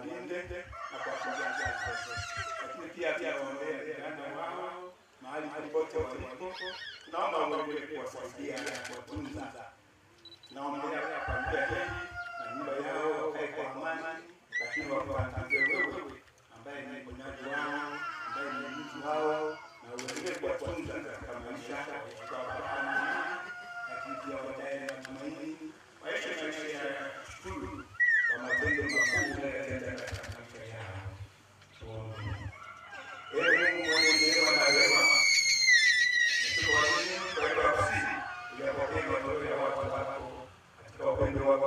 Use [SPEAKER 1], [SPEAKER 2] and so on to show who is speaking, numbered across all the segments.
[SPEAKER 1] kuwalinde na kuwatunza, lakini pia pia tunawaombea vijana wao mahali popote walipo. Tunaomba uendelee kuwasaidia na kuwatunza. Tunaombea familia hii na nyumba yao wakae kwa amani, lakini wakutangaze wewe ambaye ni mponyaji wao, ambaye ni mtu wao, na uendelee kuwatunza katika maisha yakikaaa, lakini pia na matumaini waishe maisha ya shukuru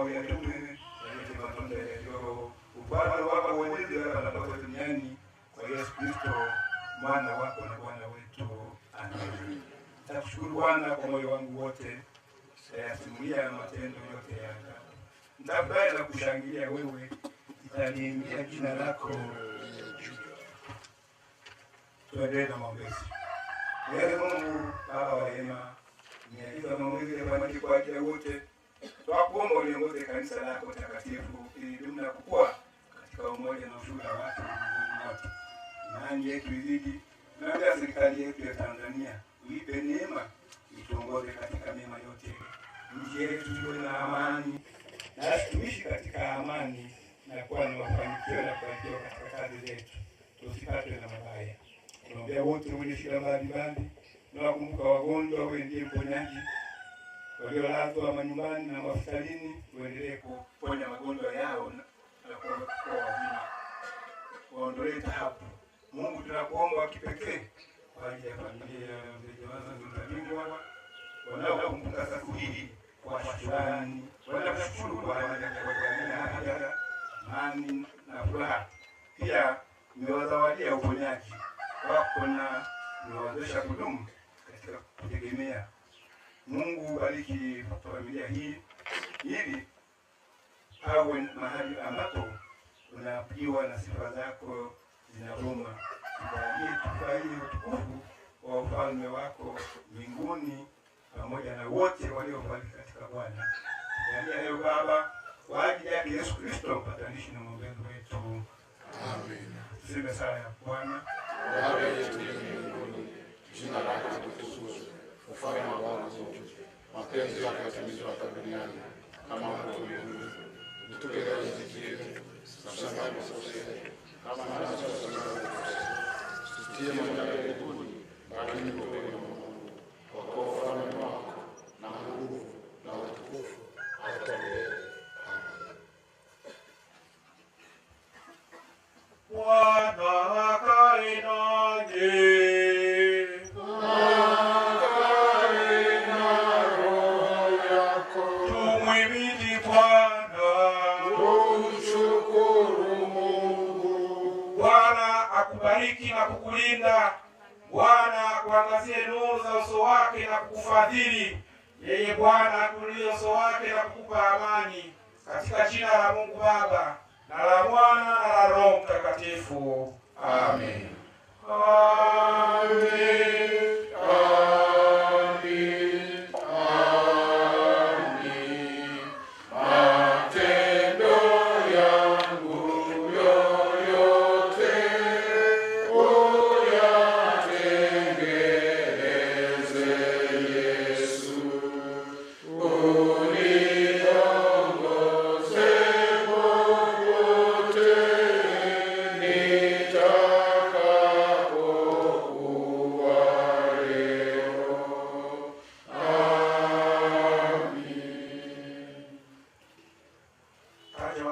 [SPEAKER 1] uyatume yalete matunda yakiwako ufalme wako uenende hapa na kote duniani kwa Yesu Kristo mwana wako na Bwana wetu. Amen. Nakushukuru Bwana kwa moyo wangu wote, nitayasimulia eh, matendo yote yako, nitafurahi na kushangilia wewe, nitaliimbia jina lako. Tuendelee na maombezi. Mungu Baba wa rehema, niagiza maombezi yafanyike kwa ajili ya wote Twakuomba uliongoze kanisa lako takatifu ili dumu kukua katika umoja na ushuhuda wake wote. Imani yetu izidi, tunaombea serikali yetu ya Tanzania uipe neema ituongoze katika mema yote, nchi yetu iwe na amani, Na tuishi katika amani na kuwa na mafanikio na kufanikiwa katika kazi zetu, tusipatwe na mabaya. Tunaombea wote wenye shida mbalimbali, Tunakumbuka wagonjwa, wewe mponyaji waliolazwa manyumbani na mahospitalini, tuendelee kuponya magonjwa yao na kuwa wazima, waondolee taabu. Mungu, tunakuomba wa kipekee kwa ajili ya familia ya Mzee wanaokumbuka siku hii kwa shukrani, wanakushukuru kwa kuwajalia afya, amani na furaha. Pia mmewazawadia uponyaji wako na mmewawezesha kudumu katika kutegemea Mungu bariki familia hii ili awe mahali ambapo unapiwa na sifa zako zinavuma, tukalie utukufu wa ufalme wako mbinguni pamoja na wote waliofariki katika Bwana. Jalia yaani leo Baba, kwa ajili yake Yesu Kristo mpatanishi na mwombezi wetu, amen. Tuseme sala ya Bwana. mapenzi yako hapa duniani kama huko mbinguni. Tupe leo riziki yetu tusamehe makosa yetu kama nasi tusamehe waliotukosea, tusitie majaribuni, bali kukubariki na kukulinda Bwana akuangazie nuru za uso wake na kukufadhili. Yeye Bwana akulie uso wake na kukupa amani, katika jina la Mungu Baba na la Mwana na la Roho Mtakatifu. Amen. Amen. Amen.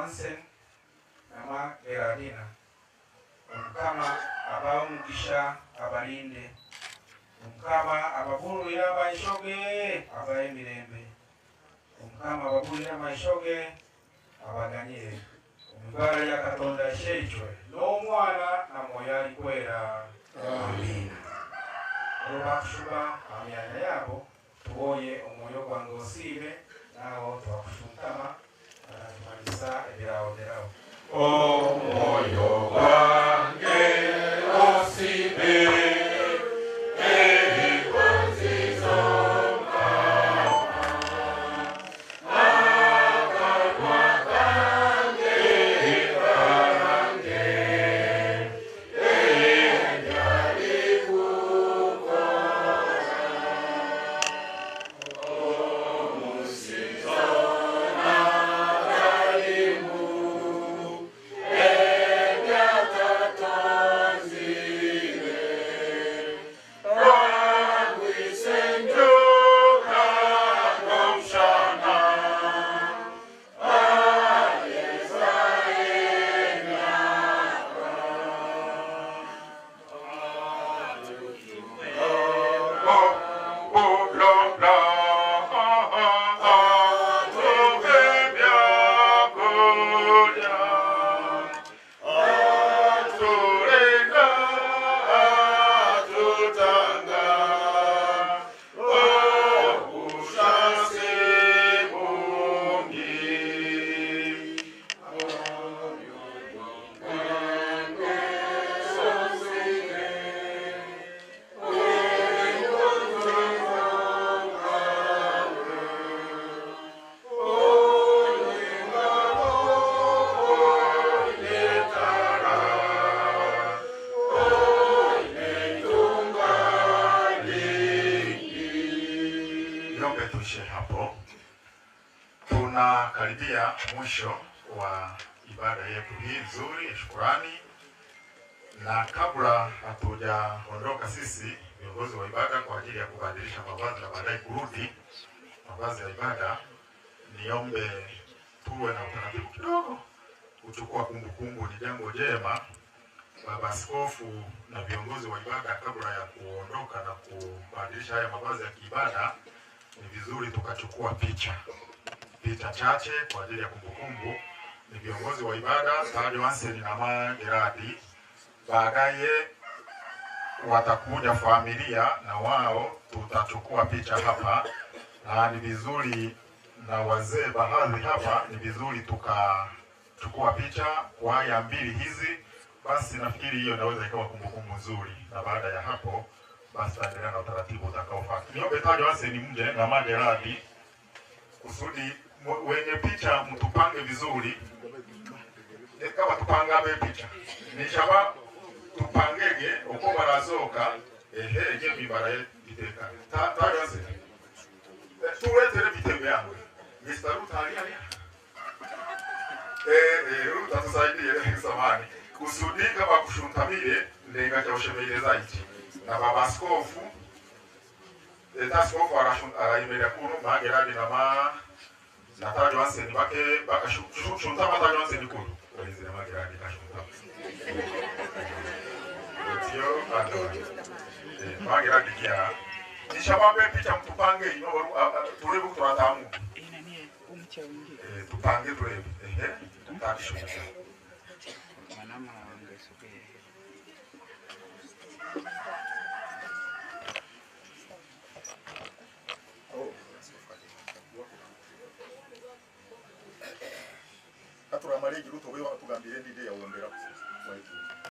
[SPEAKER 1] Johnson na Mark Gerardina omukama abawa omugisha abalinde omukama ababuulira amaisho ge abawa emirembe omukama ababuulira amaisho ge abaganyire omugala ya katonda sheijwe n'omwana na mwoyo alikwera amiina olwobakushuba amyanya yaabo tuwoye omwoyo gwange osiibe naawo twakushunkama sa e ɓirawo ɓirawo o niombe tuishe hapo. Tunakaribia mwisho wa ibada yetu hii nzuri ya shukurani, na kabla hatujaondoka sisi viongozi wa ibada kwa ajili ya kubadilisha mavazi na baadaye kurudi mavazi ya ibada, niombe tuwe na utaratibu kidogo kuchukua kumbukumbu. Ni jambo jema Baba Askofu na viongozi wa ibada kabla ya kuondoka na kubadilisha haya mavazi ya kiibada ni vizuri tukachukua picha picha chache kwa ajili ya kumbukumbu. Ni viongozi wa ibada Padre Anselm na Mama Geradi, baadaye watakuja familia na wao tutachukua picha hapa, na ni vizuri na wazee baadhi hapa, ni vizuri tukachukua picha kwa haya mbili hizi. Basi nafikiri hiyo inaweza ikawa kumbukumbu nzuri, na baada ya hapo basi taendelea na utaratibu utakaofata. Niombe wase ni mje na maji radi, kusudi wenye picha mtupange vizuri, eh, kama tupangabe picha nishaba tupangege uko barazoka ehe je bibaraye biteka tajo aseni eh, tuletere vitembe yangu Mr. Ruta alialia eh eh Ruta tusaidie samani kusudi kama kushuntamile ndenga cha ushemeleza ichi na baba askofu eta askofu arayimira kuno mange rabi na ma na tajo anseni bake baka shunta ma tajo anseni kuno olizira mange rabi ka shunta otio ando mange eh, rabi kia nishabambe picha mtupange ino tulebu turatamu eh, tupange tulebu ehe tutashusha mwanamama wangesubiri